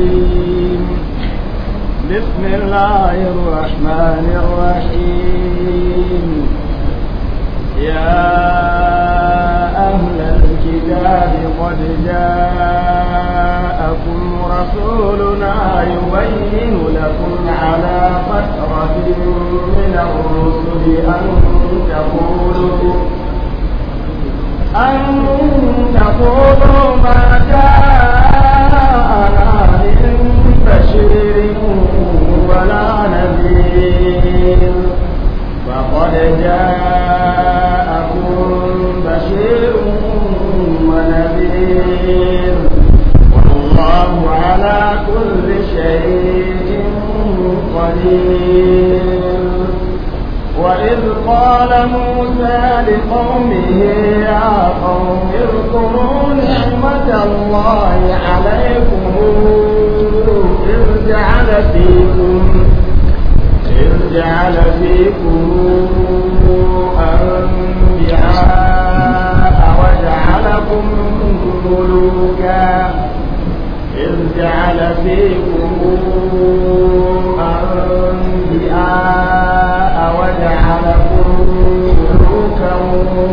الرجيم بسم الله الرحمن الرحيم يا أهل الكتاب قد جاءكم رسولنا يبين لكم على فترة من الرسل أن تقولوا أن تقولوا ما جاءكم جاءنا من بشير ولا نذير فقد جاءكم بشير ونذير والله على كل شيء قدير وإذ قال موسى لقومه يا قوم اذكروا نعمة الله عليكم إذ جعل فيكم إذ جعل فيكم أنبياء وجعلكم ملوكا جعل فيكم أنبياء وجعلكم ملوكا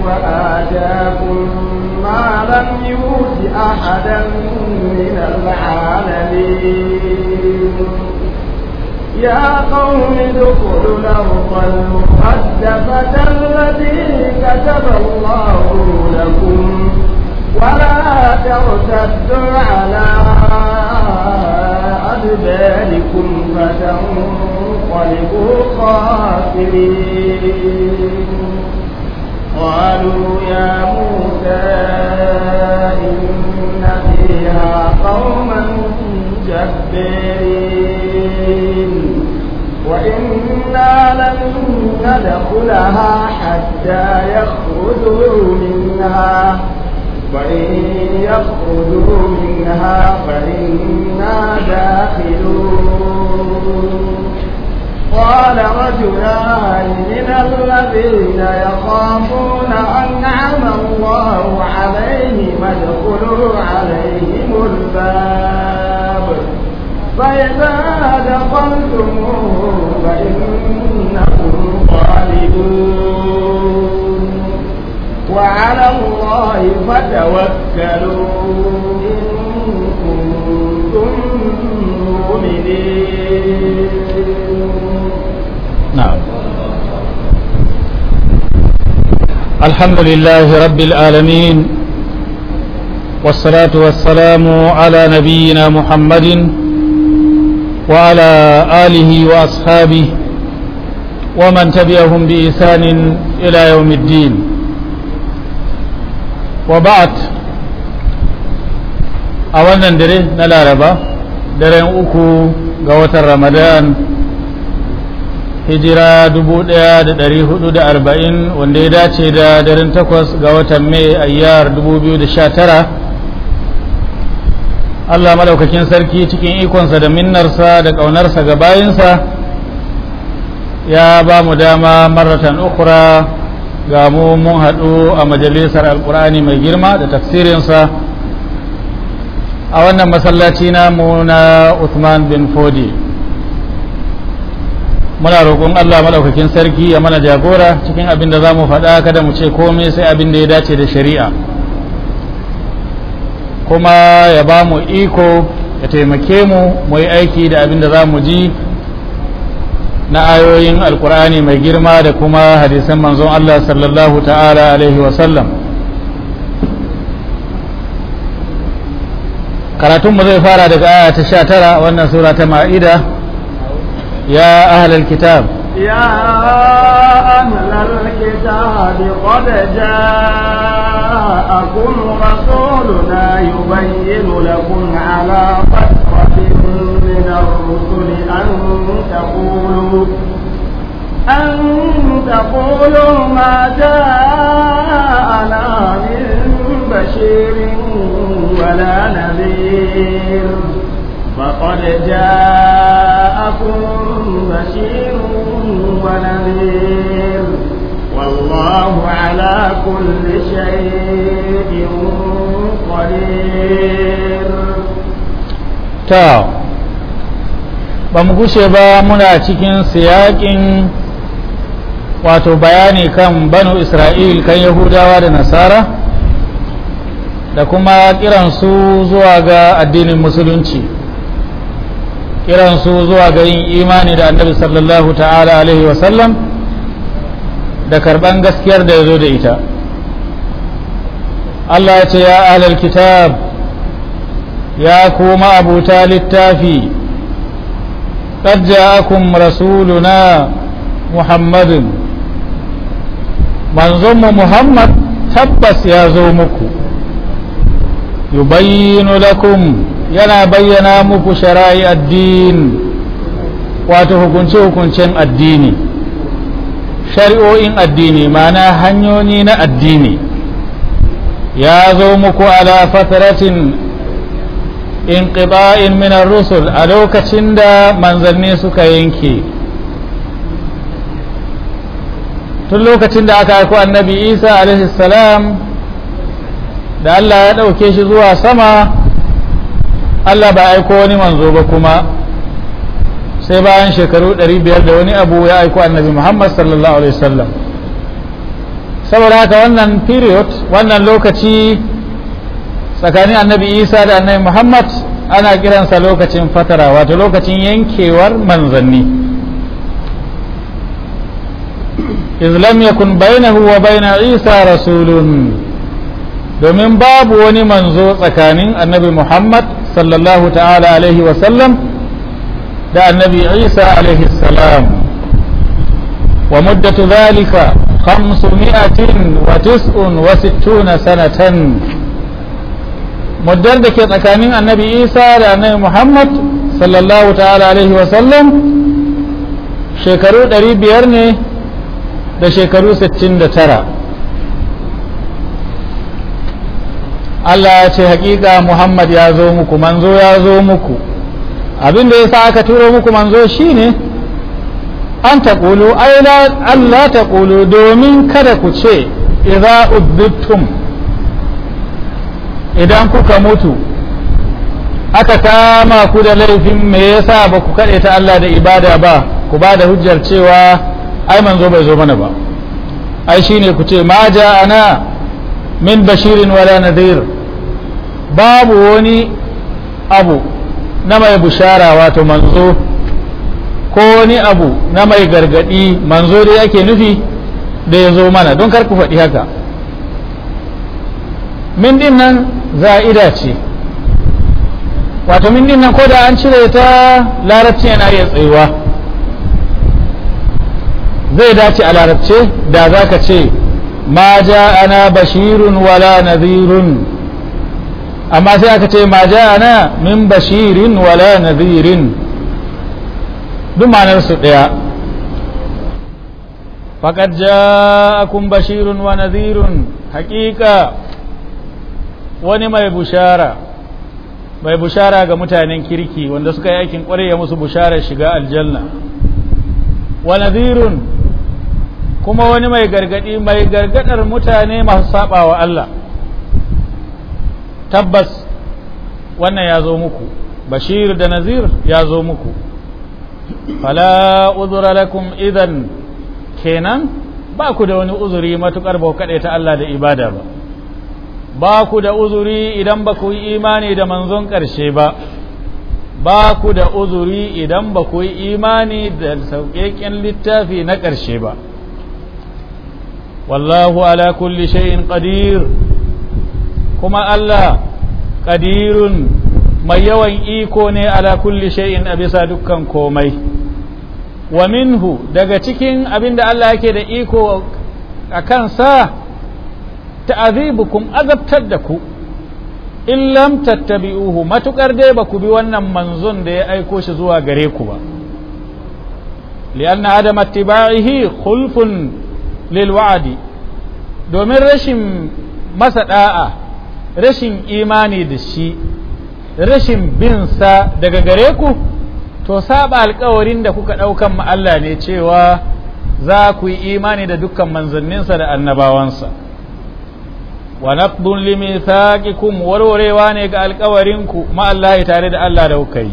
وآتاكم ما لم يؤت أحدا من العالمين يا قوم ادخلوا الأرض المقدسة التي كتب الله لكم ولا ترتدوا على ذلكم فتنقلبوا خاسرين قالوا يا موسى إن فيها قوما جبارين وإنا لن ندخلها حتى يخرجوا منها وإن يخرجوا منها فإنا داخلون قال رجلان من الذين يخافون أنعم الله عليهم ادخلوا عليهم الباب فإذا دخلتموه فإنكم خالدون وعلى الله فتوكلوا إن كنتم مؤمنين نعم الحمد لله رب العالمين والصلاة والسلام على نبينا محمد وعلى آله وأصحابه ومن تبعهم بإحسان إلى يوم الدين wa a wannan dare na laraba daren uku ga watan ramadan hijira arba'in wanda ya dace da daren takwas ga watan mai ayyar 2019 Allah madaukakin sarki cikin ikonsa da minnarsa da ƙaunarsa ga bayinsa ya ba mu dama maratan ukura ga mun haɗu a majalisar alkur'ani mai girma da tafsirinsa a wannan masallaci namu na Uthman bin Fodi muna roƙon Allah maɗaukakin sarki ya mana jagora cikin abin da za mu faɗa kada mu ce komai sai abin da ya dace da shari'a kuma ya ba mu iko ya taimake mu mu yi aiki da abin da za mu ji na ayoyin alkur'ani mai girma da kuma hadisan manzon Allah sallallahu ta'ala alaihi wasallam karatunmu zai fara daga aya ta sha tara wannan sura ta ma'ida ya ahlal kitab ya ahlal kitab qad ja'akum rasuluna yubayyinu lakum ala الرسل أن تقولوا أن تقولوا ما جاءنا من بشير ولا نذير فقد جاءكم بشير ونذير والله على كل شيء قدير ba mu gushe ba muna cikin siyaƙin wato bayani kan banu isra'il kan yahudawa da nasara da kuma kiransu zuwa ga addinin musulunci kiransu zuwa ga yin imani da annabi sallallahu ta'ala alaihi wasallam da karban gaskiyar da ya zo da ita Allah ya ce ya alal kitab ya kuma abuta littafi قد جاءكم رسولنا محمد منظم محمد تبس يا زومكو يبين لكم yana bayyana muku shara'i addini wato hukunce-hukuncen addini shari'o'in addini mana hanyoyi na addini ya zo muku ala fataratin inqiba'in min ar-rusul a lokacin da manzanni suka yanke tun lokacin da aka haiku annabi isa alaihi salam da allah ya ɗauke shi zuwa sama allah ba aiko wani manzo ba kuma sai bayan shekaru 500 da wani abu ya aiko annabi muhammad sallallahu alaihi wasallam saboda haka wannan period wannan lokaci tsakanin annabi isa da annabi muhammad ana kiransa lokacin fatara wato lokacin yankewar manzanni iz lam yakun bainahu wa baina isa rasulun domin babu wani manzo tsakanin annabi muhammad sallallahu ta'ala alaihi wa sallam da annabi isa alaihi salam wa muddatu dhalika 569 sanatan muddar da ke tsakanin annabi isa da annabi muhammad sallallahu ta'ala alaihi wasallam shekaru 500 ne da shekaru 69 Allah ya ce hakika Muhammad ya zo muku manzo ya zo muku abin da ya sa aka turo muku manzo shine an taƙulu Allah taƙulu domin kada ku ce idza ubbittum idan kuka mutu aka kama ku da laifin me yasa ba ku kaɗe ta Allah da ibada ba ku ba da hujjar cewa ai manzo bai zo mana ba ai shine ku ce ma ana min bashirin wala nadir babu wani abu na mai bushara wato manzo ko wani abu na mai gargadi manzo da yake nufi da ya zo mana don kar ku faɗi haka min din nan za'ida ce wato min din nan ko da an cire ta larabci yana iya tsayuwa zai dace a larabce da za ka ce ma ja ana bashirun wala nazirun amma sai aka ce ma ja ana min bashirin wala nazirin duk manarsu ɗaya faƙad ja akun bashirun wa nazirun haƙiƙa wani mai bushara mai bushara ga mutanen kirki wanda suka yi aikin kwarai ya musu bushara shiga aljanna wa nadhirun kuma wani mai gargadi mai gargadar mutane masu sabawa Allah tabbas wannan ya zo muku bashir da nazir ya zo muku fala uzura lakum idan kenan ba ku da wani uzuri matukar ba ku ta Allah da ibada ba ba ku da uzuri idan ba ku yi imani da manzon ƙarshe ba ba ku da uzuri idan ba ku yi imani da sauƙaƙen littafi na ƙarshe ba wallahu ala kulli shay'in qadir kuma Allah ƙadirun mai yawan iko ne ala kulli shay'in a bisa dukkan komai wa minhu daga cikin abin da Allah yake da iko a kansa ta'adhibukum azabtar da ku in lam tattabi'uhu matukar dai ba ku bi wannan manzon da ya aiko shi zuwa gare ku ba li'an adam ittiba'ihi khulfun lil wa'di domin rashin masa da'a rashin imani da shi rashin bin sa daga gare ku to saba alkawarin da kuka daukan ma Allah ne cewa za ku yi imani da dukkan manzanninsa da annabawansa wa naqdun limithaqikum warwarewa ne ga alƙawarinku ma Allah tare da Allah da kuka yi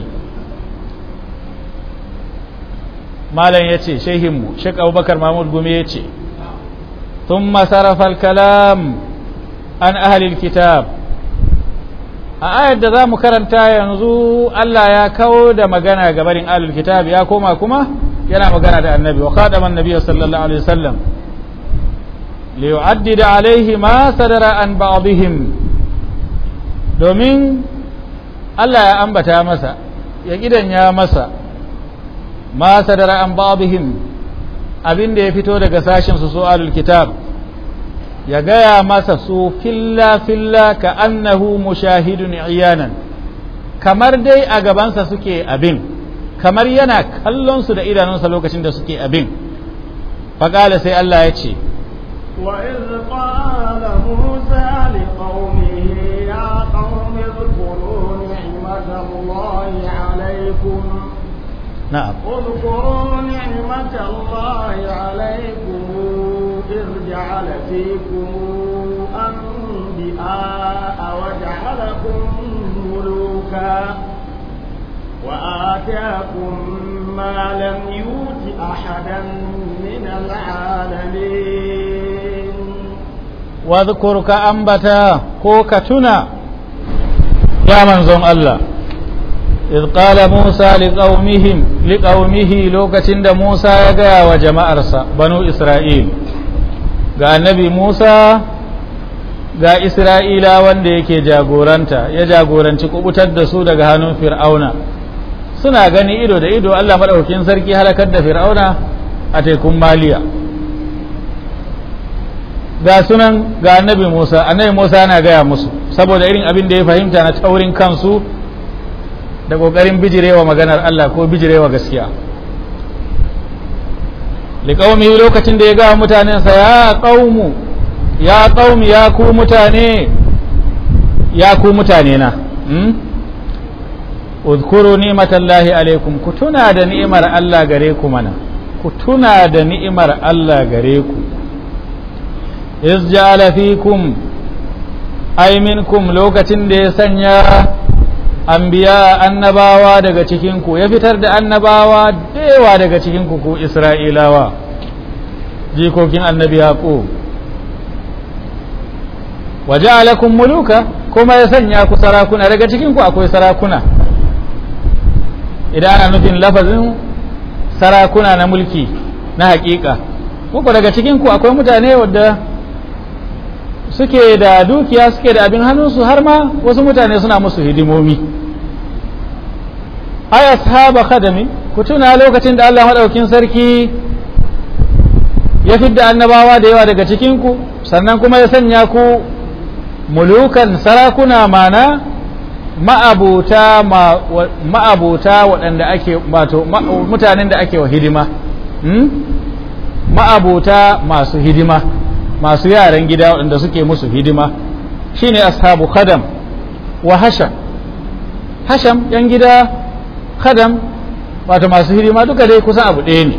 malam yace mu, Sheikh Abubakar Mahmud Gumi yace thumma sarafa al-kalam an ahli al-kitab a ayar da zamu karanta yanzu Allah ya kawo da magana ga barin ahlul kitab ya koma kuma yana magana da annabi wa khadama annabi sallallahu alaihi wasallam liyu'addid alaihi ma sadara an ba'dihim domin Allah ya ambata masa ya gidan ya masa ma sadara an ba'dihim abinda ya fito daga sashin su su'alul kitab ya gaya masa su filla filla ka annahu mushahidun iyanan kamar dai a gabansa suke abin kamar yana kallon su da idanunsa lokacin da suke abin faƙala sai Allah ya ce وإذ قال موسى لقومه يا قوم اذكروا نعمة الله عليكم نعم اذكروا نعمة الله عليكم إذ جعل فيكم أنبياء وجعلكم ملوكا وآتاكم ما لم يؤت أحدا من العالمين wadhkur ka ambata ko ka tuna ya manzon Allah idh qala Musa liqaumihim lokacin da Musa ya gaya wa jama'arsa banu Isra'il ga annabi Musa ga Isra'ila wanda yake jagoranta ya jagoranci kubutar da su daga hannun Fir'auna suna gani ido da ido Allah madaukakin sarki halakar da Fir'auna a tekun Maliya ga sunan ga annabi Musa annabi Musa yana gaya musu saboda irin abin da ya fahimta na taurin kansu da kokarin bijirewa maganar Allah ko bijirewa gaskiya liqaumi lokacin da ya ga mutanen sa ya qaumu ya qaumi ya ku mutane ya ku mutane na hmm? uzkuru ni'matallahi alaikum ku tuna da ni'imar Allah gare ku mana ku tuna da ni'imar Allah gare ku izjala fikum ay minkum lokacin da ya sanya anbiya annabawa daga cikin ya fitar da annabawa dewa daga cikin ku isra'ilawa jikokin annabi yaqo waja'alakum muluka kuma ya sanya ku sarakuna daga cikin akwai sarakuna idan ana nufin lafazin sarakuna na mulki na hakika ko daga cikinku akwai mutane wadda suke da dukiya suke da abin hannunsu har ma wasu mutane suna musu hidimomi ai ashaba khadami ku tuna lokacin da Allah madaukin sarki ya fidda annabawa da yawa daga cikin ku sannan kuma ya sanya ku mulukan sarakuna mana ma'abuta ma'abuta waɗanda ake wato mutanen da ake wa hidima hmm? ma'abuta masu hidima masu yaran gida waɗanda suke musu hidima shine ashabu khadam wa hasham hasham yan gida khadam wato masu hidima duka dai kusan abu ɗaya ne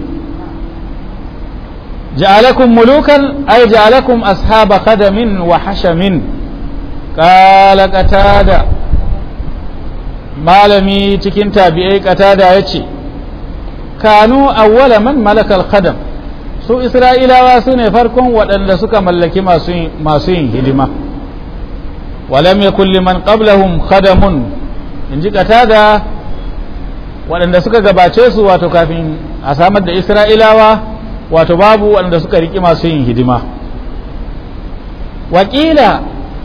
ja'alakum mulukan ay ja'alakum ashaba khadamin wa hashamin qala qatada malami cikin tabi'ai qatada yace kanu awwala man malakal khadam su isra'ilawa su ne farkon waɗanda suka mallaki masu yin hidima walam ya kulli man qablahum khadamun in ji katada waɗanda suka gabace su wato kafin a samar da isra'ilawa wato babu waɗanda suka riƙi masu yin hidima wakila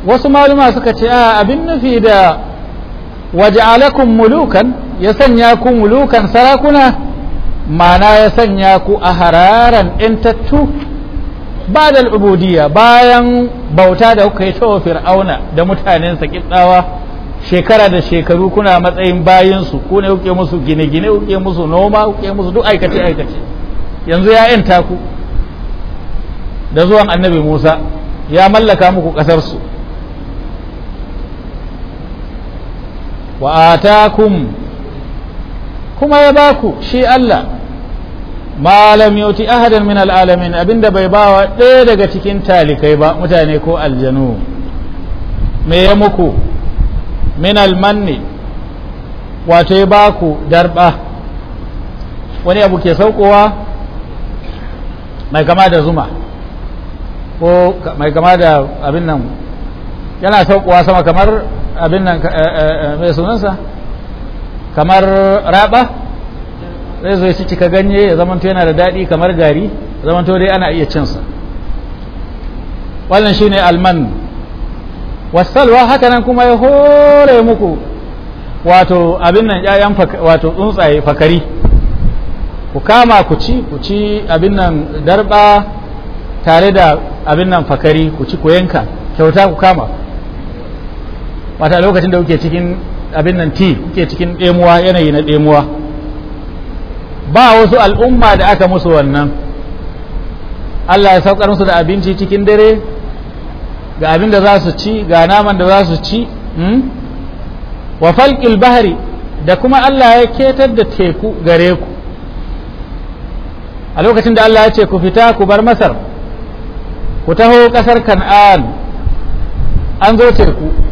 wasu maluma suka ce a abin nufi da waje alakun mulukan ya sanya ku mulukan sarakuna ma'ana ya sanya ku a hararan intattu ba da al'ubudiyya bayan bauta da kuka yi tawo fir'auna da mutanensa kitsawa shekara da shekaru kuna matsayin bayinsu ku ne kuke musu gine-gine kuke musu noma kuke musu duk aikace-aikace yanzu ya yanta ku da zuwan annabi musa ya mallaka muku ƙasarsu wa'ata kuma ya ba ku shi Allah ma lam yuti ahadan min alalamin abinda bai bawa ɗaya daga cikin talikai ba mutane ko aljanu me ya muku min almanni wato ya ba ku darba wani abu ke saukowa mai kama da zuma ko mai kama da abin nan yana saukowa sama kamar abin nan eh, eh, eh, mai sunansa kamar raba zai zo ya ci cika ganye ya zamanto yana da daɗi kamar gari zamanto dai ana iya cinsa wannan shine alman wasalwa haka nan kuma ya hore muku wato abin nan ƴaƴan wato tsuntsaye fakari ku kama ku ci ku ci abin nan darba tare da abin nan fakari ku ci ku yanka kyauta ku kama wata lokacin da kuke cikin abin nan ti kuke cikin ɗemuwa yanayi na ɗemuwa ba wasu al'umma da aka musu wannan Allah ya saukar musu da abinci cikin dare ga abin da za su ci ga naman da za su ci hmm? wa falƙil bahari da kuma Allah ya ketar da teku gare ku a lokacin da Allah ya ce ku fita ku bar masar ku taho ƙasar kan'an an zo teku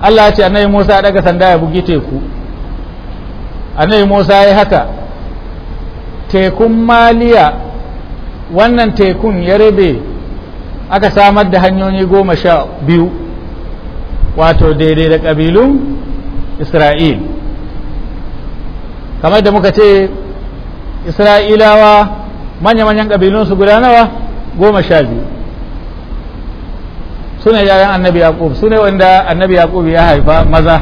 Allah ya ce annabi Musa ya daga sanda ya bugi teku annabi Musa ya haka tekun maliya wannan tekun ya rabe aka samar da hanyoyi goma sha biyu wato daidai da ƙabilun Isra'il kamar da muka ce Isra'ilawa manya-manyan ƙabilunsu guda nawa goma sha biyu su ne yayan annabi yaqub su ne wanda annabi yaqub ya haifa maza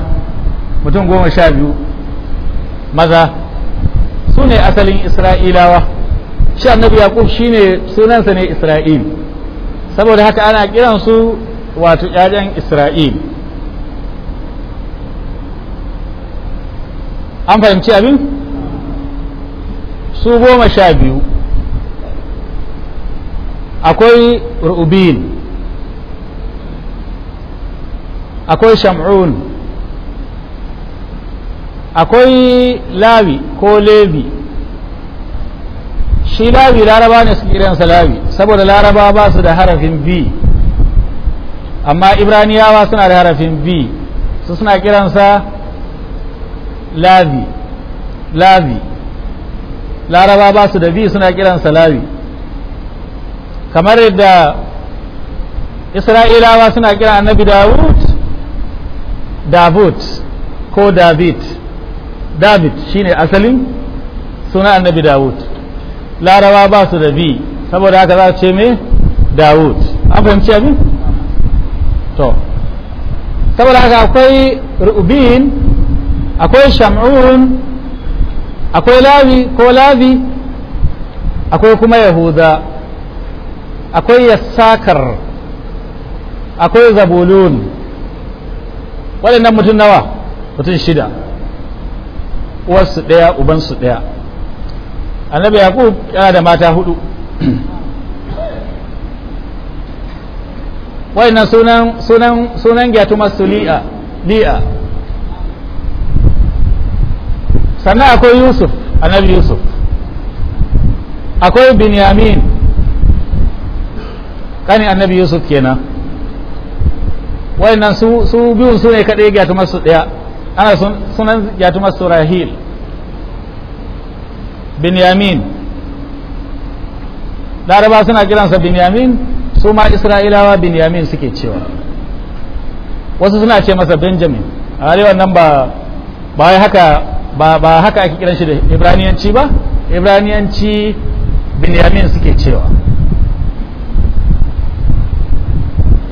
mutum goma sha biyu maza su ne asalin isra'ilawa shi annabi yaqub shine sunansa ne isra'il saboda haka ana kiransu wato yayan isra'il an fahimci abin su goma sha biyu akwai ru'ubin akwai sham'un akwai lawi ko levi shi lawi laraba ne su kiransa lawi saboda laraba ba su da harafin b amma ibraniyawa suna da harafin b su suna kiransa lavi lavi laraba ba su da b suna kiransa lawi kamar yadda isra'ilawa suna kiran annabi dawud David ko David David shine asalin suna annabi Dawud larawa ba su da bi saboda haka za a ce me Dawud an fahimci abin to saboda haka akwai rubin akwai shamun akwai labi ko labi akwai kuma yahuda akwai yassakar akwai zabulun waɗannan mutum nawa mutum shida uwarsu ɗaya ubansu ɗaya annabi yaqub yana da mata hudu waɗannan sunan sunan sunan gyatuma suli'a li'a sannan akwai yusuf annabi yusuf akwai binyamin kani annabi yusuf kenan wayannan su su biyu su ne kadai tumar su daya ana sunan tumar su rahil binyamin laraba suna kiransa binyamin su ma isra'ilawa binyamin suke cewa wasu suna ce masa benjamin a nan ba ba haka ba ba haka ake kiran shi da ibraniyanci ba ibraniyanci binyamin suke cewa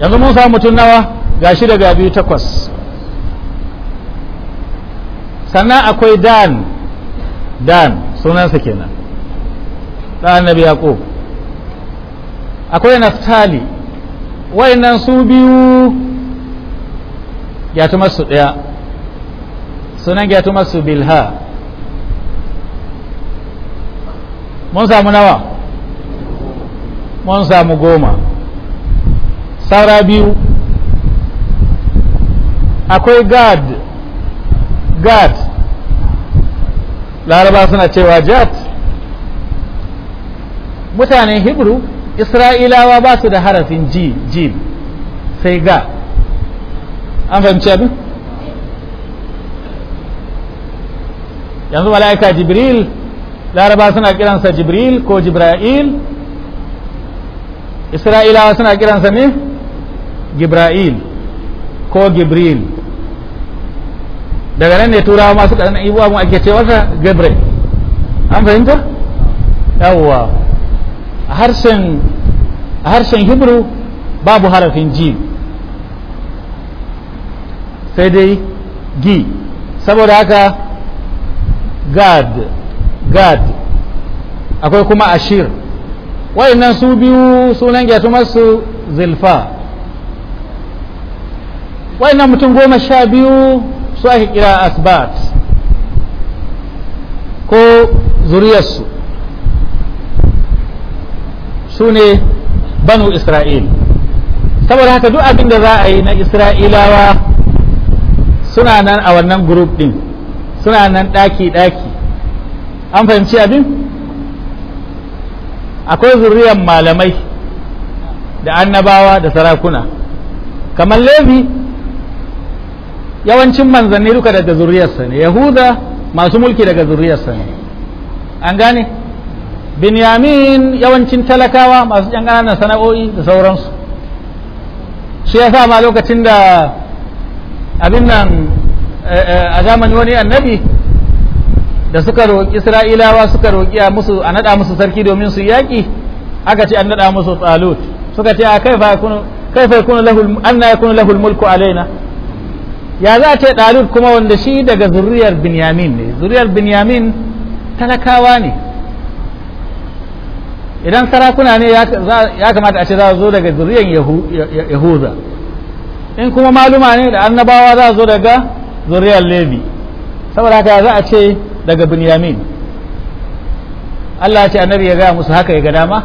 yanzu mun samu mutum nawa ga shi ga biyu takwas sannan akwai dan dan sunansa kenan ɗan annabi yaqub akwai naftali wayannan su biyu yatumar su ɗaya sunan yatumar su bilha mun samu nawa mun samu goma saura biyu akwai gad gad laraba suna cewa jat mutanen hebrew isra'ilawa ba su da harafin jim sai ga an fahimci abin yanzu mala'ika jibril laraba suna kiransa jibril ko jibra'il isra'ilawa suna kiransa ne jibra'il. ko Gibril daga nan ne turawa masu ƙaranan ibuwa mu ake ce masa Gabriel an fahimta yawwa harshen harshen Hebrew babu harafin ji sai dai gi saboda haka gad gad akwai kuma ashir waɗannan su biyu sunan gyatumarsu zilfa wa'annan mutum goma sha biyu su ake kira asbat ko zuriyarsu su ne banu isra'il saboda haka duk abin da za a yi na isra'ilawa suna nan a wannan group din suna nan ɗaki-ɗaki an fahimci abin akwai zuriyar malamai da annabawa da sarakuna kamar levi yawancin manzanni duka daga zuriyarsa ne yahuda masu mulki daga zuriyarsa ne an gane binyamin yawancin talakawa masu yan ƙananan sana'o'i da sauransu shi ya sa ma lokacin da abin nan eh, eh, a zamani wani annabi da suka roƙi isra'ilawa suka roƙi a musu a naɗa musu sarki domin su yaƙi aka ce an naɗa musu tsalut suka ce a kai fa yakunu lahu an na yakunu lahul mulku alaina ya za ta ɗalib kuma wanda shi daga zuriyar binyamin ne zuriyar binyamin talakawa ne idan sarakuna ne ya kamata a ce za a zo daga zuriyar yahuza in kuma maluma ne da annabawa za a zo daga zuriyar levi saboda haka za a ce daga binyamin Allah ce annabi ya gaya musu haka ya ga dama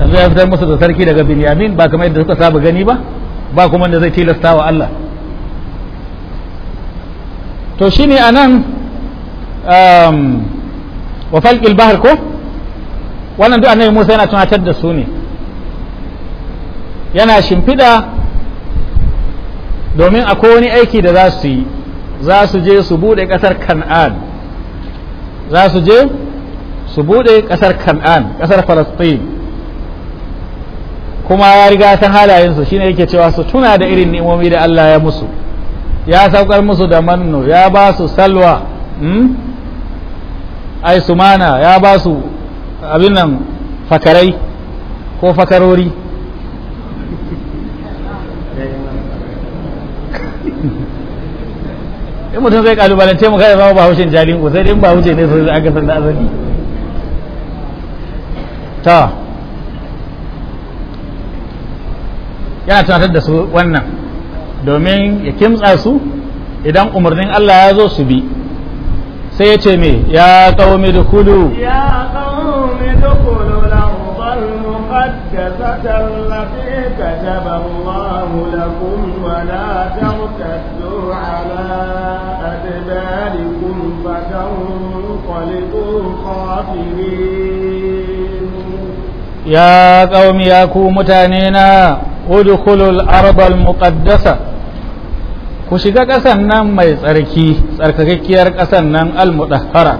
yanzu ya fitar musu da sarki daga binyamin ba kamar yadda suka saba gani ba ba kuma da zai tilasta wa Allah to shine anan um, wa falqil bahr ko wannan duk annabi Musa yana tunatar da su ne yana shimfiɗa domin akwai wani aiki da za su yi za su je su buɗe ƙasar kan'an za su je su buɗe ƙasar kan'an ƙasar falastin kuma ya riga ta halayensu shine yake cewa su tuna da irin ni'imomi da Allah ya musu ya saukar musu da mannu ya ba su salwa hmm? ai sumana ya ba su abin nan fakarai ko fakarori in mutum zai kalubalance mu kada zama ba haushin jalin ku sai din ba haushe ne sai aka sanda da azali ta yana tunatar da su wannan domin ya kimtsa su idan umarnin Allah ya zo su bi sai ya ce me ya qaumi dukulu ya qaumi dukulu na ubar al-muqaddasata allati kataba Allah lakum wa la tartaddu ala adbarikum fatanqalibu khasirin Ya قوم يا mutane na ادخلوا الأرض Muƙaddasa, ku shiga ƙasan nan mai tsarki tsarkakkiyar ƙasan nan almudahara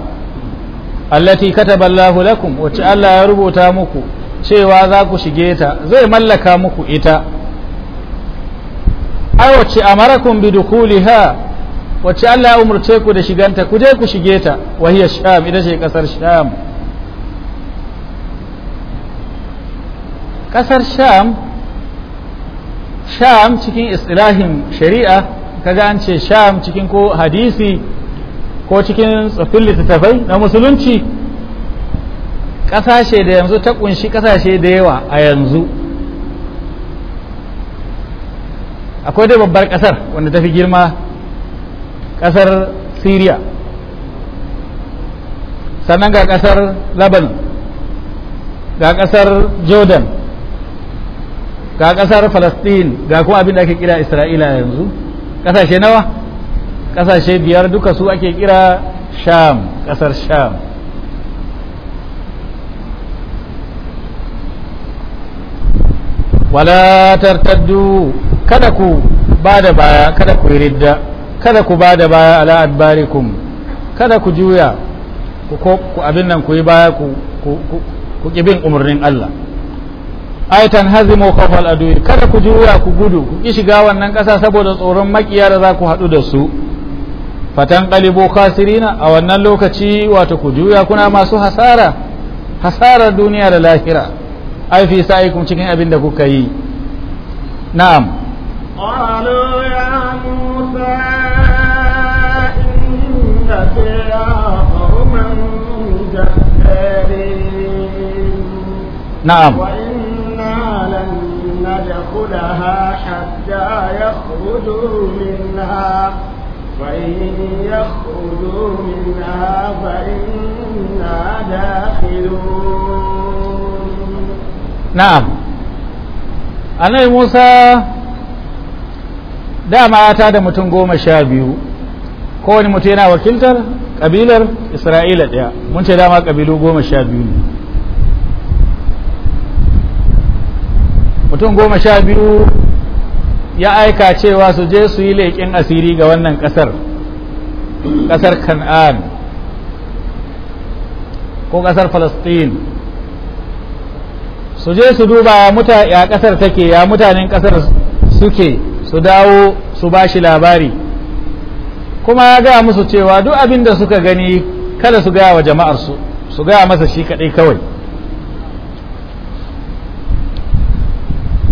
allati kataballahu lakum wacce Allah ya rubuta muku cewa za ku shige zai mallaka muku ita ai wacce amarakum bi dukuliha wacce Allah ya umarce ku da shiganta ku je ku shige ta wahiya sham ita ce ƙasar sham ƙasar sham sham cikin istilahin shari'a kaga an ce sham cikin ko hadisi ko cikin tsoffin littattafai na musulunci ƙasashe da yanzu ta ƙunshi ƙasashe da yawa a yanzu akwai dai babbar ƙasar wanda ta fi girma ƙasar syria sannan ga ƙasar laban ga ƙasar jordan ga kasar Falastin ga kuma abin da ake kira Isra'ila yanzu kasashe nawa kasashe biyar duka su ake kira Sham kasar Sham wala tartaddu kada ku ba da baya kada ku ridda kada ku ba da baya ala adbarikum kada ku juya ku abin nan ku yi baya ku ku bin umarnin Allah ay tanhazimu khawfal adu kada ku juya ku gudu ku ki shiga wannan kasa saboda tsoron makiya da za ku haɗu da su fatan qalibu khasirina a wannan lokaci wato ku juya kuna masu hasara hasarar duniya da lahira ai fi sa'ikum cikin abin da kuka yi na'am qalu ya musa inna na'am يدخلها حتى يخرجوا منها وإن يخرجوا منها فإنا داخلون نعم أنا موسى dama ya tada mutum goma sha biyu kowane mutum yana wakiltar ƙabilar isra'ila ɗaya mun ce dama ƙabilu goma sha biyu ne mutum goma sha biyu ya aika cewa su je su yi leƙin asiri ga wannan ƙasar ƙasar kan'an ko ƙasar falastin su je su duba ya ƙasar take ya mutanen ƙasar suke su dawo su ba shi labari kuma ya gaya musu cewa duk abin da suka gani kada su gaya wa jama'arsu su gaya masa shi kaɗai kawai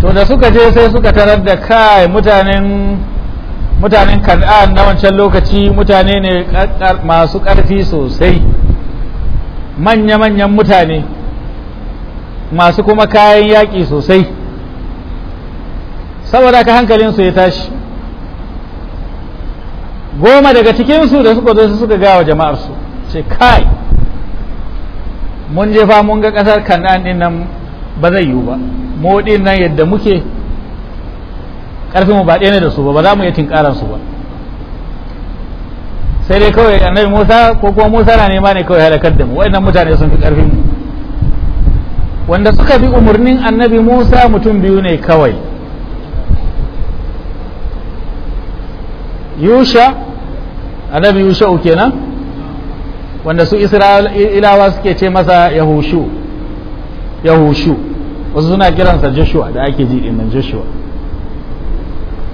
to da suka je sai suka tarar da kai mutanen mutanen kan'an na wancan lokaci mutane ne masu ƙarfi sosai manya-manyan mutane masu kuma kayan yaƙi sosai saboda ka su ya tashi goma daga cikinsu da suka zo su suka gawa su ce kai mun je fa mun ga ƙasar kan'an din nan ba zai yiwu ba mu nan yadda muke karfin mu ba ɗaya ne da su ba ba za mu yi tinkaran su ba sai dai kawai annabi Musa ko kuma Musa na nema ne kawai halakar da mu waɗannan mutane sun fi karfin mu wanda suka bi umarnin annabi Musa mutum biyu ne kawai Yusha annabi Yusha kenan wanda su Isra'ilawa suke ce masa Yahushu yahushu wasu suna kiransa joshua da ake ji dinnan joshua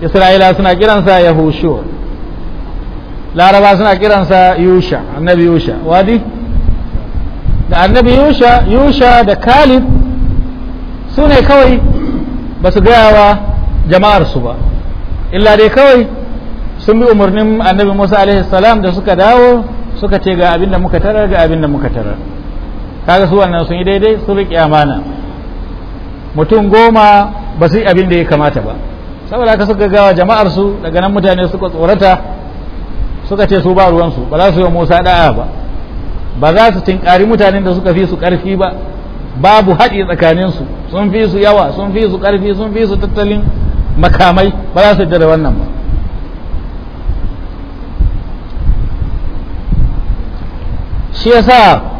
isra'ila suna kiransa yahushua laraba suna kiransa yusha annabi yusha wadi da annabi yusha yusha da kalib su ne kawai ba su gaya wa jama'arsu ba illa dai kawai sun bi umarnin annabi musa alaihi salam da suka dawo suka ce ga abin da muka tarar ga abin da muka tarar kaga su wannan sun yi daidai su riƙe amana mutum goma ba su yi abin da ya kamata ba saboda haka suka gawa jama'ar su daga nan mutane suka tsorata suka ce su ba ruwansu ba za su yi musa da'a ba ba za su tinkari mutanen da suka fi su ƙarfi ba babu haɗi tsakaninsu sun fi su yawa sun fi su ƙarfi sun fi su tattalin makamai ba za su da wannan ba shi yasa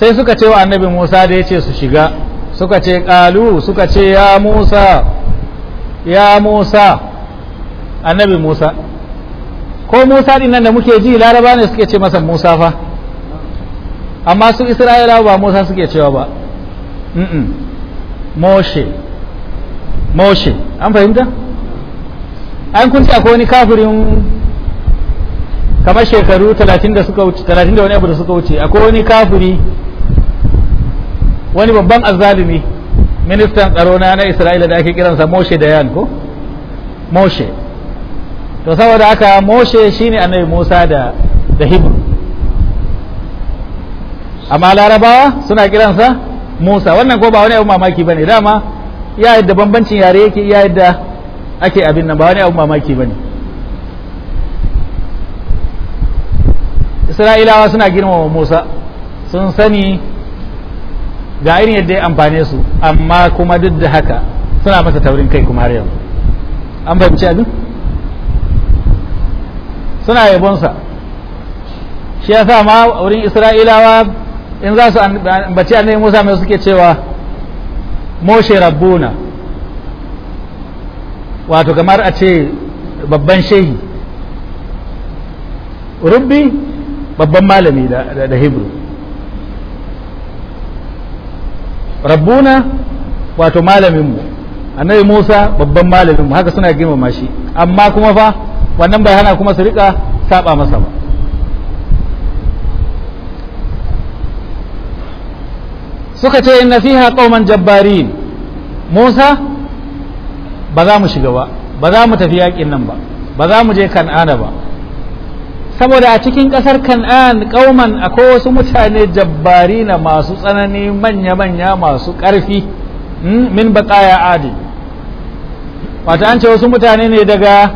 sai suka ce wa annabi Musa da ya ce su shiga suka ce ƙalu suka ce ya Musa ya Musa annabi Musa ko Musa din nan da muke ji laraba ne suke ce masa Musa fa amma su isra'ila ba Musa suke cewa ba mm Moshe Moshe an fahimta an kunta ko wani kafirin kamar shekaru 30 da suka wuce 30 da wani abu da suka wuce akwai wani kafiri wani babban azalimi ministan tsaro na na Isra'ila da ake kiransa Moshe Dayan ko Moshe to saboda haka Moshe shine annabi Musa da da Hebrew amma Larabawa suna kiransa Musa wannan ko ba wani abu mamaki bane dama ya yadda bambancin yare yake ya yadda ake abin nan ba wani abu mamaki bane isra'ilawa suna girmama musa sun sani ga irin yadda ya amfane su amma kuma duk da haka suna masa taurin kai kuma har yau an fahimci abin suna yabonsa shi ya sa ma wurin isra'ilawa in za su ambaci annabi musa mai suke cewa moshe rabbuna wato kamar a ce babban shehi rubbi babban malami da hebrew rabbuna wato malaminmu annabi musa babban malaminmu haka suna girmama shi amma kuma fa wannan bai hana kuma su rika saba masa ba suka ce inna fiha qauman jabbarin musa ba za mu shiga ba ba za mu tafi yakin nan ba ba za mu je kan'ana ba saboda a cikin ƙasar kan'an ƙauman akwai wasu mutane jabbari na masu tsanani manya-manya masu ƙarfi hmm, min baƙaya adi wata an ce wasu mutane ne daga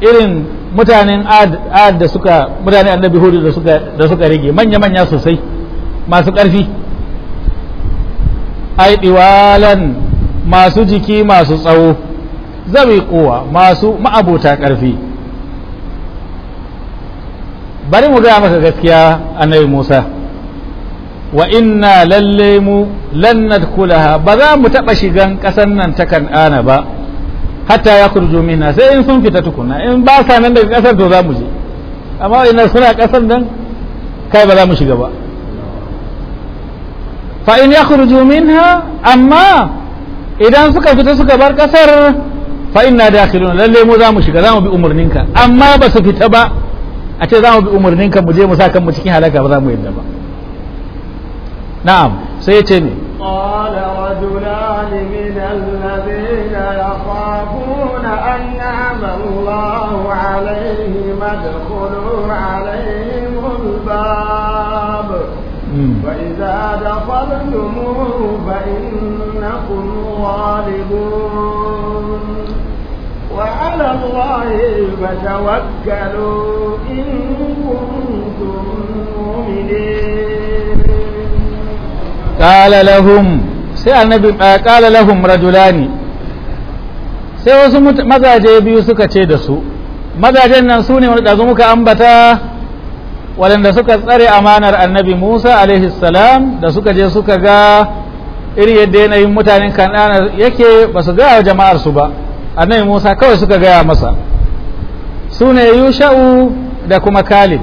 irin mutanen ad da suka mutane annabi hudu da suka rage manya-manya sosai masu ƙarfi aiɗiwalan masu jiki masu tsawo zabi kowa masu ma'abota ƙarfi bari mu gaya maka gaskiya annabi Musa wa inna lalle mu lan nadkhulaha ba za mu taba shigan kasan nan ta Kan'ana ba hatta ya kurju mina sai in sun fita tukuna in ba sa nan daga kasar to za mu je amma ina suna kasar nan kai ba za mu shiga ba fa in ya yakhruju minha amma idan suka fita suka bar kasar fa inna dakhiluna lalle mu za mu shiga za mu bi umarninka amma ba su fita ba a ce za mu bi umarninka mu je mu sa kanmu cikin halaka ba za mu yadda ba na'am sai ya ce ne قال رجلان من الذين يخافون أنعم الله عليهم ادخلوا عليهم الباب وإذا دخلتموه فإنكم غالبون وعلى الله فتوكلوا إن كنتم مؤمنين قال لهم sai annabi qala lahum rajulani sai wasu mazaje biyu suka ce da su mazajen nan su ne wani ɗazu muka ambata waɗanda suka tsare amanar annabi Musa alaihi salam da suka je suka ga iri yadda yanayin mutanen kan'ana yake ba su ga jama'ar su ba annabi Musa kawai suka gaya masa su yusha'u da kuma kalib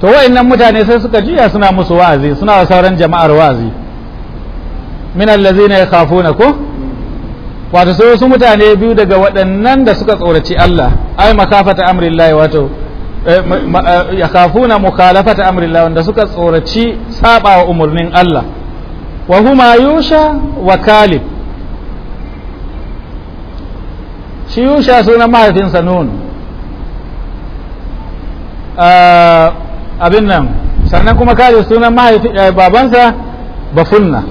to wa'annan mutane sai suka juya suna musu wa'azi suna wa sauran jama'ar wa'azi min allazina yakhafunakum wato sai wasu mutane biyu daga waɗannan da suka tsoraci Allah ai makafata amrillahi wato eh, eh, yakhafuna mukhalafata amrillahi wanda suka tsoraci sabawa umarnin Allah wa huma yusha wa kalib shi yusha sunan mahaifinsa nun ah, abin nan sannan kuma kare sunan eh, babansa bafunna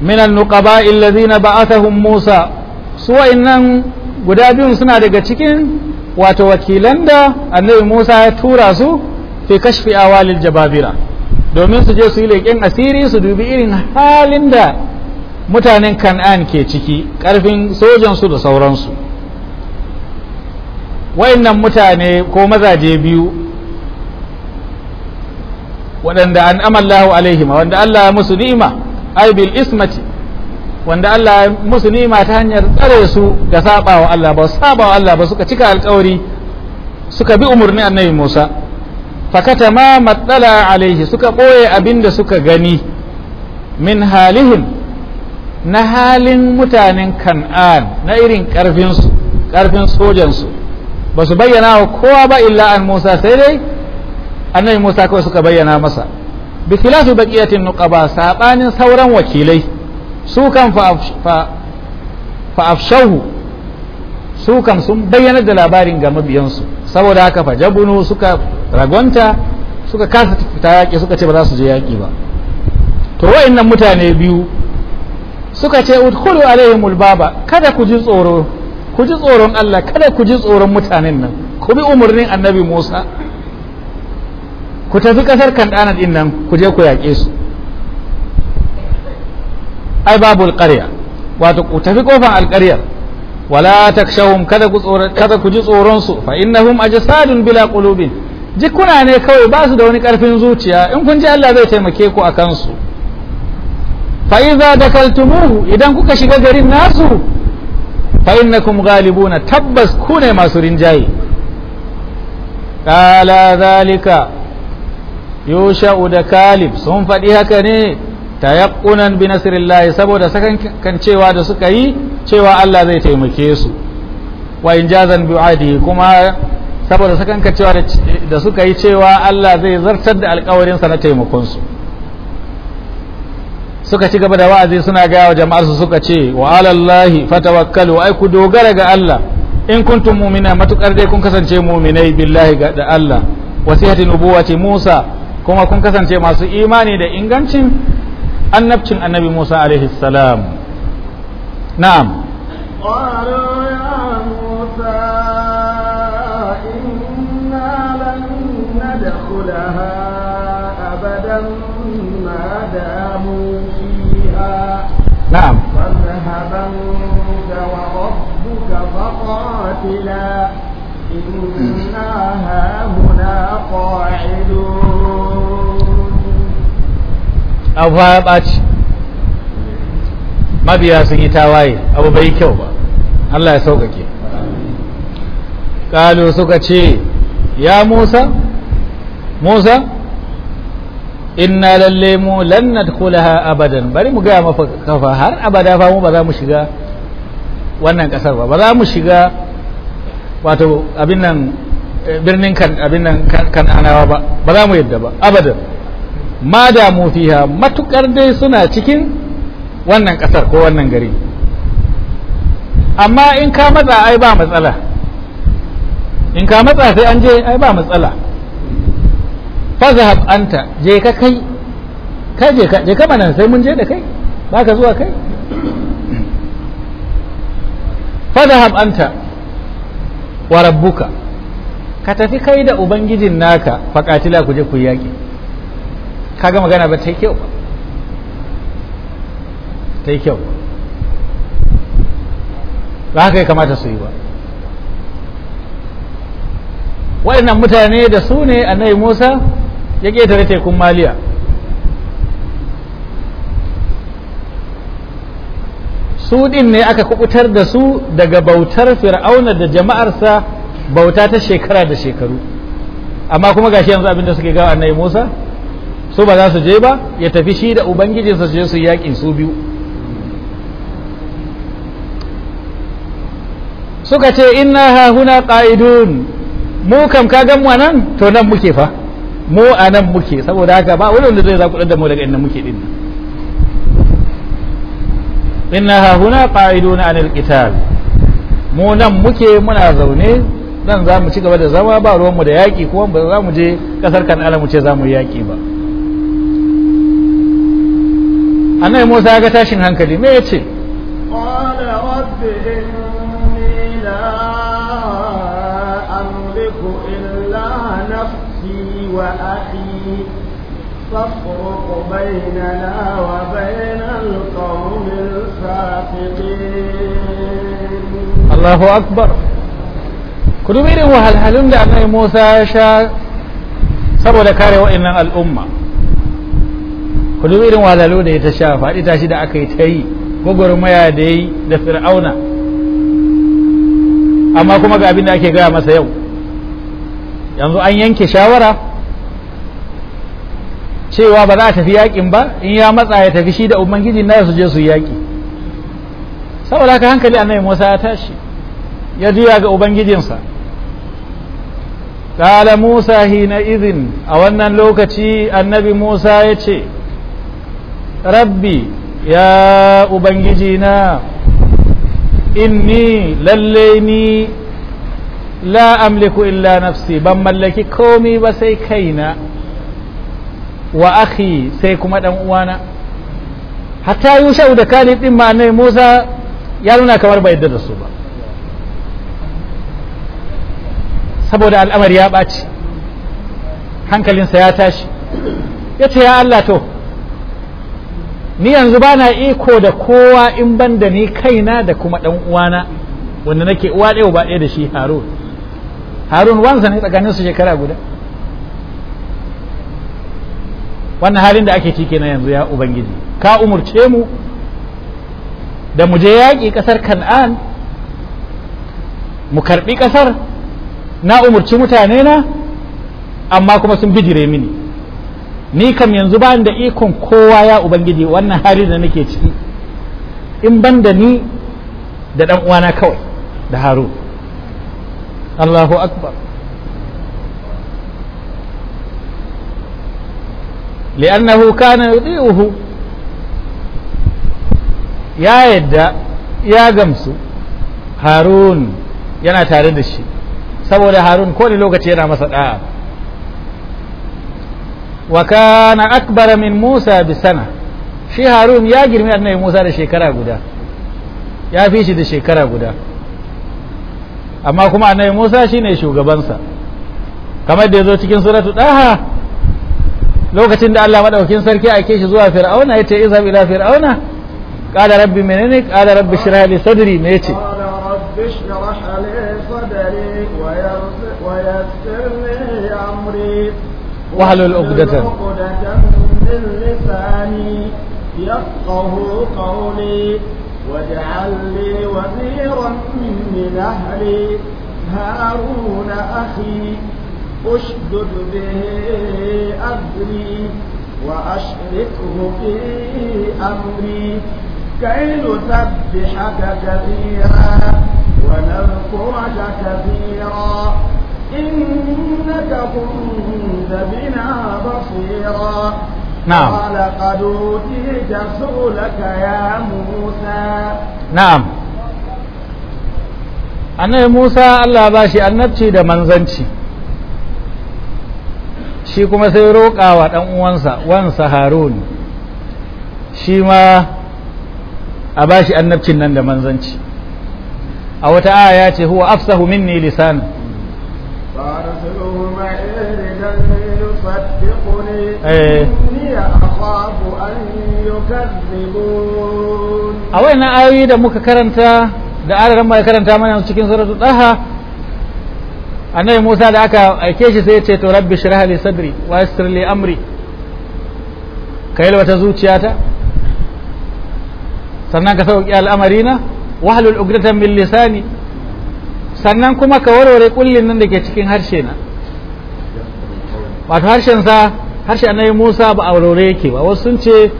minan nuqaba illazina ba'athahum Musa su wa'annan guda biyun suna daga cikin wato wakilan da annabi Musa ya tura su fi kashfi awalil jababira domin su je su yi leƙen asiri su dubi irin halin da mutanen kan'an ke ciki ƙarfin sojansu da sauransu wayannan mutane ko mazaje biyu waɗanda an amallahu alaihima wanda Allah ya musu ni'ima ai bil ismati wanda Allah ya musu ni'ima ta hanyar tsare su da sabawa Allah ba sabawa Allah ba suka cika alƙawari suka bi umarni annabi Musa fakata ma matsala alaihi suka ɓoye abin da suka gani min halihim na halin mutanen kan'an na irin ƙarfinsu ƙarfin sojansu ba su bayyana wa kowa ba illa an musa sai dai annabi musa kawai suka bayyana masa bi khilafi baqiyatin nuqaba sabanin sauran wakilai su kan fa'afshahu su kan sun bayyana da labarin ga mabiyansu saboda haka fajabunu suka ragonta suka kasa fita yaƙi suka ce ba za su je yaƙi ba to nan mutane biyu suka ce udkhulu alaihimul baba kada ku ji tsoro ku ji tsoron Allah kada ku ji tsoron mutanen nan ku bi umarnin annabi Musa ku tafi kasar kandana din nan ku je ku yaƙe su ai babul qarya wato ku tafi kofar alƙaryar wala takshawum kada ku tsoron kada ku ji tsoron su fa innahum ajsadun bila qulubin jikuna ne kawai ba su da wani karfin zuciya in kun ji Allah zai taimake ku akan su fa iza dakaltumuhu idan kuka shiga garin nasu fa innakum na tabbas ku ne masu rinjaye qala zalika yusha'u da kalib sun faɗi haka ne tayaqqunan bi nasrillahi saboda sakan cewa da suka yi cewa Allah zai taimake su wa injazan bi'adi kuma saboda sakan cewa da suka yi cewa Allah zai zartar da alƙawarin na taimakon su suka ci gaba da wa'azi suna gaya wa jama'ar su suka ce wa alallahi fatawakkalu ai ku dogara ga Allah in kuntum mu'mina matukar dai kun kasance mu'minai billahi ga da Allah wasihatin nubuwati Musa kuma kun kasance masu imani da ingancin annabcin annabi Musa alaihi salam na'am qalu ya Musa abadan ma نعم فاذهب أنت وربك فقاتلا إنا هاهنا قاعدون ɓaci mabiya sun yi tawaye abu bai kyau ba Allah ya sauƙaƙe ƙalo suka ce ya musa musa inna lalle mu lan nadkhulaha abadan bari mu ga mafa kafa har abada fa mu ba za mu shiga wannan kasar ba ba za mu shiga wato abin nan eh, birnin kan abin nan kan anawa ba ba za mu yadda ba abadan ma da mu fiha matukar dai suna cikin wannan kasar ko wannan gari amma in ka matsa ai ba matsala in ka matsa sai an je ai ba matsala fazahab anta je ka kai ka je ka je ka mana sai mun je da kai ba ka zuwa kai fazahab anta wa rabbuka ka tafi kai da ubangijin naka faƙatila ku je ku yaƙi kaga magana ba ta yi kyau ta yi kyau ba haka ya kamata su yi ba waɗannan mutane da su ne annabi musa ya ƙetare tekun maliya su ɗin ne aka kubutar da su daga bautar fir'auna da jama'arsa bauta ta shekara da shekaru amma kuma gashi yanzu abinda suke gawa annabi musa su ba za su je ba ya tafi shi da ubangijinsa su je su yaƙi su biyu suka ce inna ha huna qa'idun mu kam ka gan mu nan to nan muke fa mu a nan muke saboda haka ba wani wanda zai zakudar da mu daga inda muke din inna ha huna qa'iduna anil qital mu nan muke muna zaune dan za mu ci gaba da zama ba ruwan mu da yaki kuma ba za mu je kasar kan'ala mu ce za mu yaki ba annabi Musa ya ga tashin hankali me yace qala rabbi وأخي فافرق بيننا وبين القوم الفاسقين الله أكبر kudu irin wahalhalun da annabi Musa ya sha saboda kare wa'annan al'umma kudu irin wahalhalun da ya ta sha faɗi tashi da aka yi ta yi gwagwarmaya da ya yi da fir'auna amma kuma ga abin da ake gaya masa yau yanzu an yanke shawara cewa ba za a tafi yakin ba in ya matsa ya tafi shi da ubangiji na su je su yaki saboda ka hankali annabi Musa ya tashi ya juya ga ubangijinsa kala Musa hina idhin a wannan lokaci annabi Musa ya ce rabbi ya ubangiji na inni lalle ni la amliku illa nafsi ban mallaki komai ba sai kaina wa akhi sai kuma dan uwana hatta yusha da Khalid din ma annabi Musa ya nuna kamar bai yarda da su ba saboda al'amari ya ɓaci hankalinsa ya tashi ya ce ya Allah to ni yanzu bana iko da kowa in ban da ni kaina da kuma ɗan uwana wanda nake uwa ɗaya ba ɗaya da shi harun harun wansa ne tsakaninsu shekara guda wannan halin da ake cike na yanzu ya ubangiji ka umurce mu da mu je yaƙi ƙasar kan'an mu karɓi ƙasar na umurci mutane na amma kuma sun bijire mini ni kam yanzu ba da ikon kowa ya ubangiji wannan halin da nake ciki in ban da ni da ɗan uwana kawai da haru Allahu akbar li'annahu kana yudhi'uhu ya yadda ya gamsu harun yana tare da shi saboda harun kowane lokaci yana masa ɗaya. wa kana akbara min musa bi sana shi harun ya girmi annabi musa da shekara guda ya fi shi da shekara guda amma kuma annabi musa shine shugabansa kamar da ya zo cikin suratu daha lokacin da Allah madaukakin sarki a ke shi zuwa fir'auna yace izhab ila fir'auna qala rabbi menene qala rabbi shrah li sadri me yace اشرح لي من لساني يفقه قولي واجعل لي وزيرا من أهلي هارون أخي اشدد به أدري وأشركه في أمري كي نسبحك كثيرا ونذكرك كثيرا إنك كنت بنا بصيرا نعم قال قد أوتيت سؤلك يا موسى نعم أنا موسى الله باشي shi نبشي shi kuma sai roƙa wa ɗan uwansa wansa harun shi ma a bashi annabcin nan da manzanci a wata aya ya ce huwa afsahu minni lisan eh. a wayannan ayoyi da muka karanta da adadin ya karanta mana cikin suratul daha annabi Musa da aka aike shi sai ya ce to rabbi shrah li sadri wa yassir li amri ka yalwata zuciyata sannan ka sauki al'amarina wahlul ugratan min lisani sannan kuma ka warware kullin nan da ke cikin harshe na wato harshen sa harshe annabi Musa ba aurore yake ba wasu sun ce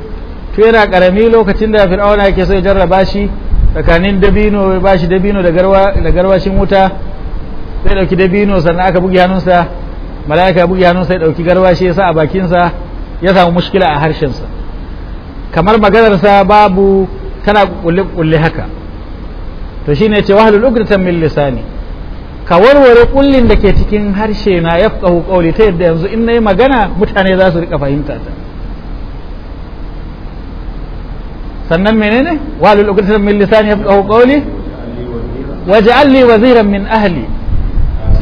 to yana karami lokacin da fir'auna yake so ya jarraba shi tsakanin dabino ya bashi dabino da garwa da garwashin wuta sai dauki dabino sannan aka bugi hannunsa mala'ika bugi hannunsa ya dauki garwashi ya sa a bakinsa ya samu mushkila a harshensa kamar maganarsa babu tana kulle kulle haka to shine ce wahal lugratan min lisani ka warware kullin da ke cikin harshe na yafqahu qawli ta yadda yanzu in nayi magana mutane za su rika fahimta ta sannan menene wahal lugratan min lisani yafqahu qawli waj'al li waziran min ahli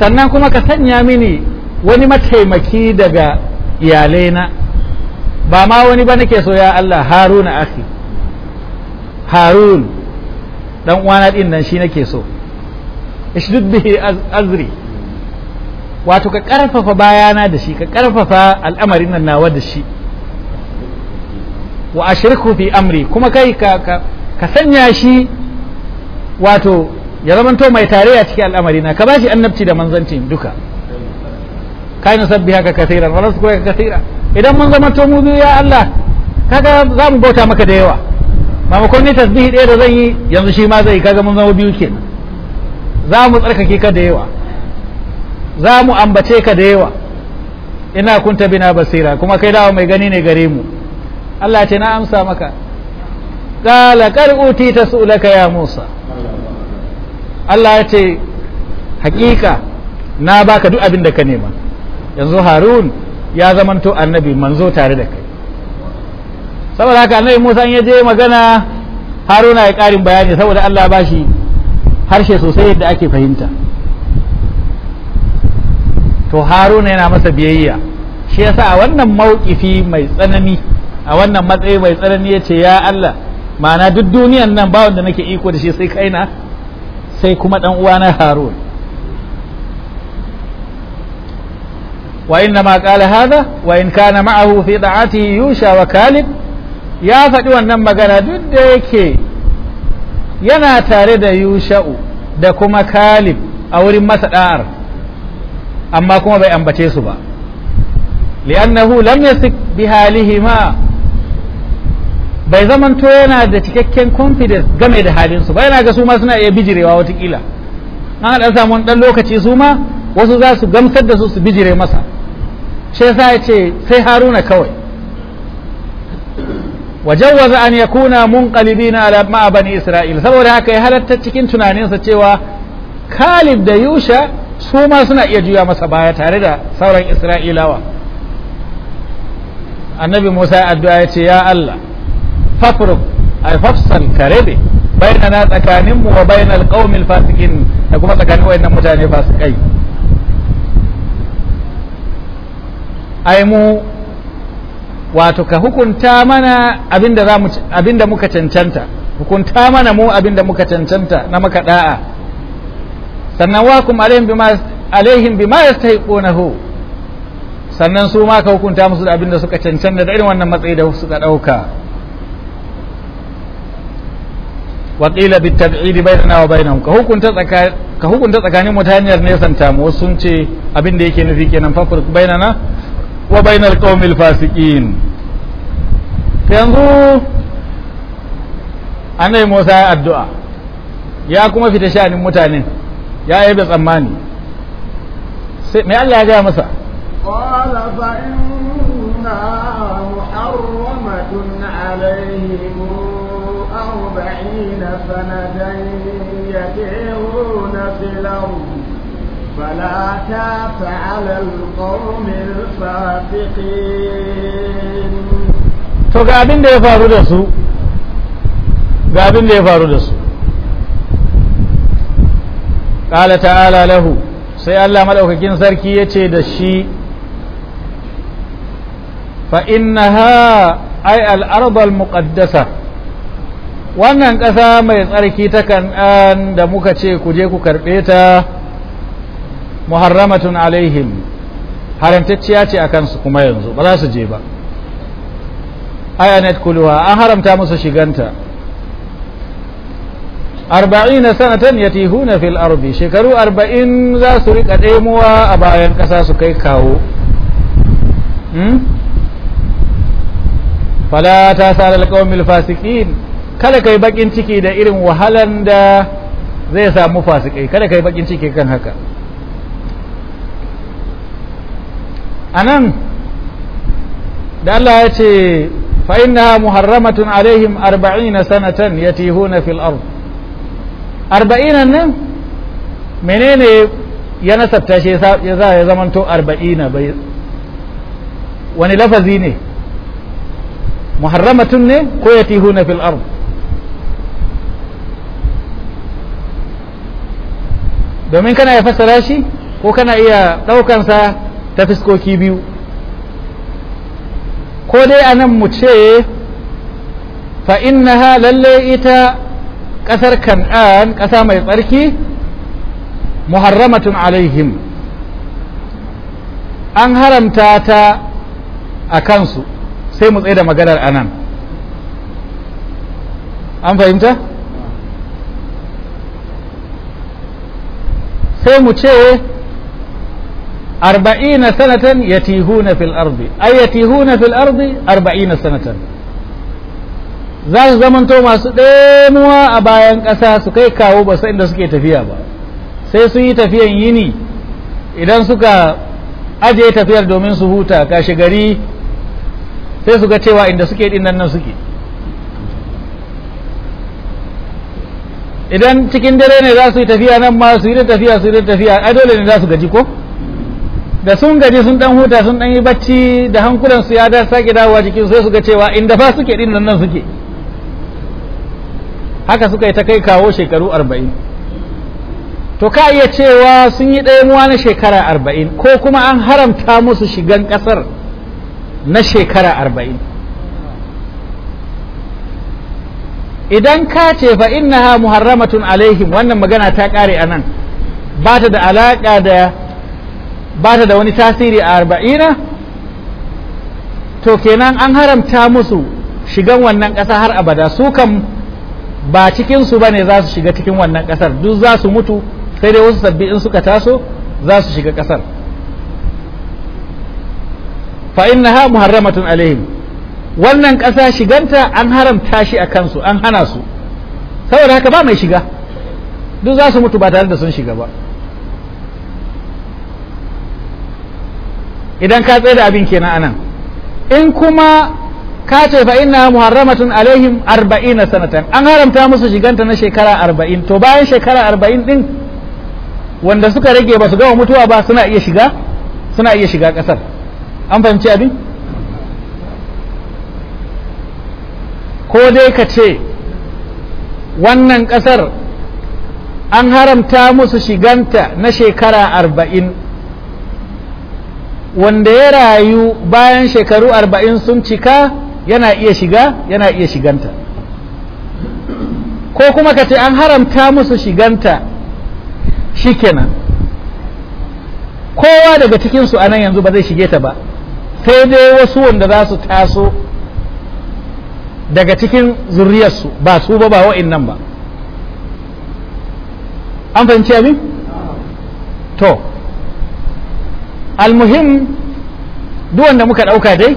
sannan kuma ka sanya mini wani mataimaki daga iyalaina ba ma wani ba nake so ya Allah haruna akhi harun ɗan uwana din nan shi nake so ishdud bihi azri wato ka karfafa bayana da shi ka karfafa al'amarin nan nawa da shi wa ashirku fi amri kuma kai ka sanya shi wato ya zamanto mai tarayya cikin al'amari na ka bashi annabci da manzanci duka kai na sabbi haka kathira falas ko haka kathira idan mun zama to mu biyu ya Allah kaga za mu bauta maka da yawa mamakon ni tasbihi ɗaya da zan yi yanzu shi ma zai kaga mun zama biyu kenan za mu tsarkake ka da yawa za mu ambace ka da yawa ina kunta bina basira kuma kai dawa mai gani ne gare mu Allah ce na amsa maka qala qad su'laka ya Musa Allah ya ce hakika na baka duk abin da ka nema yanzu harun ya zamanto annabi manzo tare da kai saboda haka annabi musa ya je magana haruna ya karin bayani saboda Allah ba shi harshe sosai yadda ake fahimta to haruna yana masa biyayya shi yasa a wannan mawkifi mai tsanani a wannan matsayi mai tsanani ya ce ya Allah ma'ana duk duniyan nan ba wanda nake iko da shi sai kaina sai kuma ɗan uwana harun wa inna ma qala hadha wa in kana ma'ahu fi da'ati yusha wa kalib ya faɗi wannan magana duk da yake yana tare da yusha'u da kuma kalib a wurin masa da'ar amma kuma bai ambace su ba li'annahu lam yasik bihalihima bai zamanto yana da cikakken confidence game da halinsu ba yana ga su ma suna iya bijirewa kila an haɗa samu ɗan lokaci su ma wasu za su gamsar da su su bijire masa shi yasa ce sai haruna kawai wajawaza an yakuna munqalibina ala ma'a bani isra'il saboda haka ya halatta cikin tunaninsa cewa kalib da yusha su ma suna iya juya masa baya tare da sauran isra'ilawa annabi musa addu'a ya ce ya allah fafruk ay fafsal karebe bainana tsakaninmu wa bainal qaumil fasikin da kuma tsakanin wayannan mutane fasikai wato ka hukunta mana abinda za mu abinda muka cancanta hukunta mana mu abinda muka cancanta na maka da'a sannan wa wakum alaihim bima alaihim bima yastahiqunahu sannan su ma ka hukunta musu da abinda suka cancanta da irin wannan matsayi da suka dauka waƙila qila bit bai na, wa bainahum ka hukunta tsakanin ka hukunta tsakanin mu ta hanyar nesanta mu sun ce abin da yake nufi kenan fafur na, wa bai na qaumil fasikin. yanzu annabi Musa ya addu'a ya kuma fita sha'anin mutanen ya yi da tsammani sai mai Allah ya gaya masa muharramatun أربعين سنة في الأرض فلا تاف على القوم الفاسقين to ga abin da ya faru da su ga abin da ya faru da su ƙala ta'ala lahu sai Allah maɗaukakin sarki ya ce da shi fa innaha ay al-ardh al wannan ƙasa mai tsarki ta kan'an da muka ce ku je ku karɓe ta muharramatun alaihim haramtacciya ce a kansu kuma yanzu ba za su je ba ayanet kuluwa an haramta musu shiganta arba'in na sanatan ya tihuna fil arbi shekaru arba'in za su riƙa ɗemuwa a bayan ƙasa su kai kawo hmm? fala ta sa alƙawar milfasikin kada ka yi bakin ciki da irin wahalan da zai samu fasikai kada ka yi bakin ciki kan haka anan da Allah ya ce fa innaha muharramatun alaihim 40 sanatan yatihuna fil ard 40 nan menene ya nasabta shi ya za ya zamanto 40 bai wani lafazi ne muharramatun ne ko yatihuna fil ard domin kana ya fassara shi ko kana iya ɗaukansa ta fiskoki biyu ko dai a nan mu ce fa lalle ita ƙasar kan'an ƙasa mai tsarki muharramatun alaihim an haramta ta a kansu sai mu tsaye da maganar anan an fahimta? sai mu ce arba'ina sanatan yatihuna fil ardi ay yatihuna fil ardi arba'ina sanatan za su zamanto masu ɗemuwa a bayan ƙasa su kai kawo ba inda suke tafiya ba sai sun yi tafiyan yini idan suka ajiye tafiyar domin su huta kashi gari sai su ga cewa inda suke ɗin nan suke idan cikin dare ne za su yi tafiya nan ma su yi da tafiya su yi da tafiya ai dole ne za su gaji ko da sun gaji sun dan huta sun dan yi bacci da hankulan su ya da sake dawowa cikin sai su ga cewa inda fa suke din nan suke haka suka yi ta kai kawo shekaru arba'in to ka iya cewa sun yi ɗaya na shekara arba'in ko kuma an haramta musu shigan ƙasar na shekara arba'in idan ka ce fa innaha muharramatun alaihim wannan magana ta kare anan ba ta da alaka da ba ta da wani tasiri a arba'ina to kenan an haramta musu shigan wannan ƙasa har abada su kan ba cikinsu ba ne za su shiga cikin wannan ƙasar duk za su mutu sai dai wasu sabbi in suka taso za su shiga ƙasar fa innaha muharramatun alaihim wannan ƙasa shiganta an haramta shi a kansu an hana su saboda haka ba mai shiga duk za su mutu ba tare da sun shiga ba idan ka tsaye da abin kenan anan in kuma ka ce fa inna muharramatun alaihim na sanatan an haramta musu shiganta na shekara arba'in to bayan shekara arba'in din wanda suka rage ba su gama mutuwa ba suna iya shiga suna iya shiga ƙasar an fahimci abin ko dai ka ce wannan ƙasar an haramta musu shiganta na shekara arba'in wanda ya rayu bayan shekaru arba'in sun cika yana iya shiga yana iya shiganta ko kuma ka ce an haramta musu shiganta shi kenan kowa daga cikinsu a nan yanzu ba zai shige ta ba sai dai wasu wanda za su taso daga cikin zuriyarsu ba su ba ba nan ba an fahimci abin to almuhim duk wanda muka ɗauka dai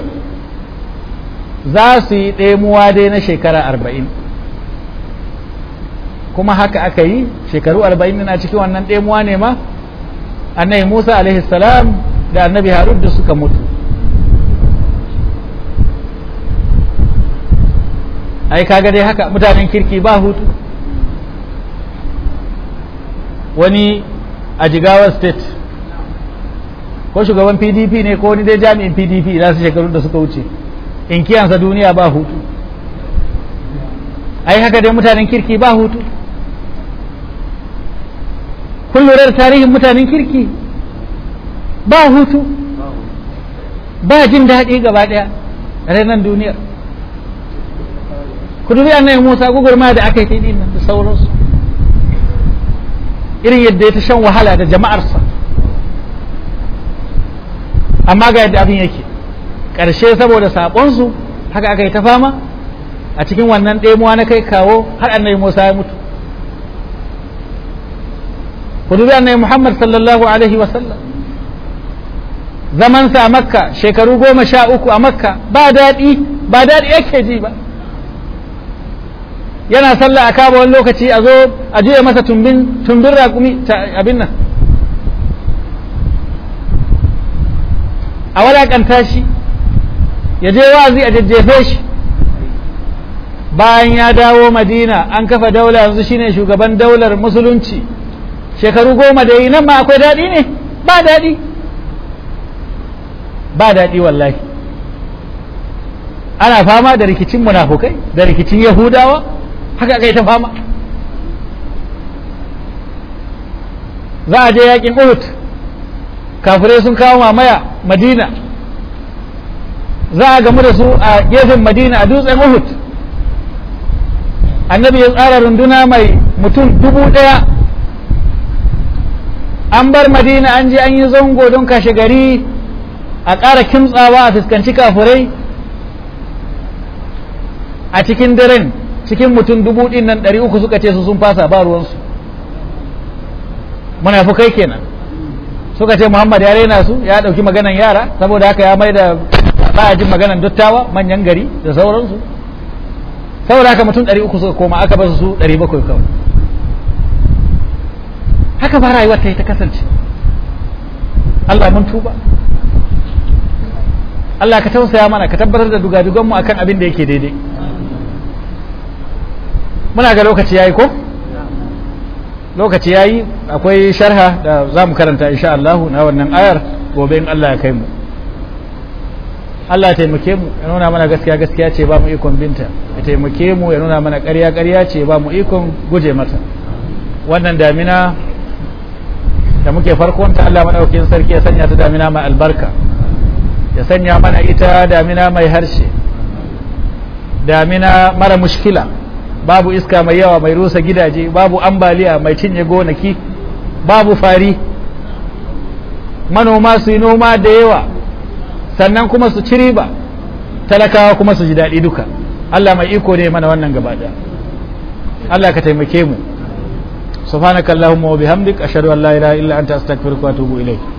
za su yi ɗemuwa dai na shekara arba'in kuma haka aka yi shekaru arba'in na cikin wannan ɗemuwa ne ma annabi musa alaihi salam da annabi harud da suka mutu ai kaga dai haka mutanen kirki ba hutu wani a jigawa state ko shugaban pdp ne ko wani dai jami'in pdp za su shekaru da suka wuce in kiyansa duniya ba hutu ai haka dai mutanen kirki ba hutu kun lura da tarihin mutanen kirki ba hutu ba jin daɗi gaba ɗaya ranar duniyar ku dubi annabi Musa gugurma da aka yi din nan da sauransu irin yadda ya ta shan wahala da jama'arsa amma ga yadda abin yake ƙarshe saboda saƙonsu haka aka yi ta fama a cikin wannan ɗemuwa na kai kawo har annabi Musa ya mutu ku dubi annabi Muhammad sallallahu alaihi wa zamansa a makka shekaru goma sha uku a makka ba daɗi ba daɗi yake ji ba yana sallah a kaba wani lokaci a zo a juya masa tumbin tumbin raƙumi abin nan a wadakanta shi ya je wazi a jajjefe shi bayan ya dawo madina an kafa daula yanzu shine shugaban daular musulunci shekaru goma da yi nan ma akwai daɗi ne ba daɗi ba daɗi wallahi ana fama da rikicin munafukai da rikicin yahudawa haka aka fama za a je yakin uhud kafirai sun kawo mamaya madina za a gamu da su a gefen madina a dutsen uhud annabi ya tsara runduna mai mutum dubu ɗaya an bar madina an je an yi zango don kashe gari a ƙara kimtsawa a fuskanci kafurai a cikin daren cikin mutum dubu ɗin nan ɗari uku suka ce su sun fasa ba ruwansu munafukai kenan suka ce muhammad ya raina su ya ɗauki maganan yara saboda haka ya mai da ba jin maganan dattawa manyan gari da sauransu saboda haka mutum ɗari uku suka koma aka basu su ɗari bakwai kawai haka ba rayuwar ta yi ta kasance Allah mun tuba Allah ka tausaya mana ka tabbatar da dugadugonmu akan abin da yake daidai muna ga lokaci yayi ko lokaci yayi akwai sharha da za mu karanta insha Allah na wannan ayar gobe in Allah ya kai mu Allah ya taimake mu ya nuna mana gaskiya gaskiya ce ba mu ikon binta ya taimake mu ya nuna mana ƙarya ƙarya ce ba mu ikon guje mata wannan damina da muke farkon ta Allah madaukakin sarki ya sanya ta damina mai albarka ya sanya mana ita damina mai harshe damina mara mushkila babu iska mai yawa mai rusa gidaje babu ambaliya mai cinye gonaki babu fari manoma su yi noma da yawa sannan kuma su ci riba talakawa kuma su ji daɗi duka Allah mai iko ne mana wannan gaba Allah ka taimake mu subhanakallahumma wa bihamdik ashhadu an la ilaha illa anta astaghfiruka wa atubu ilayk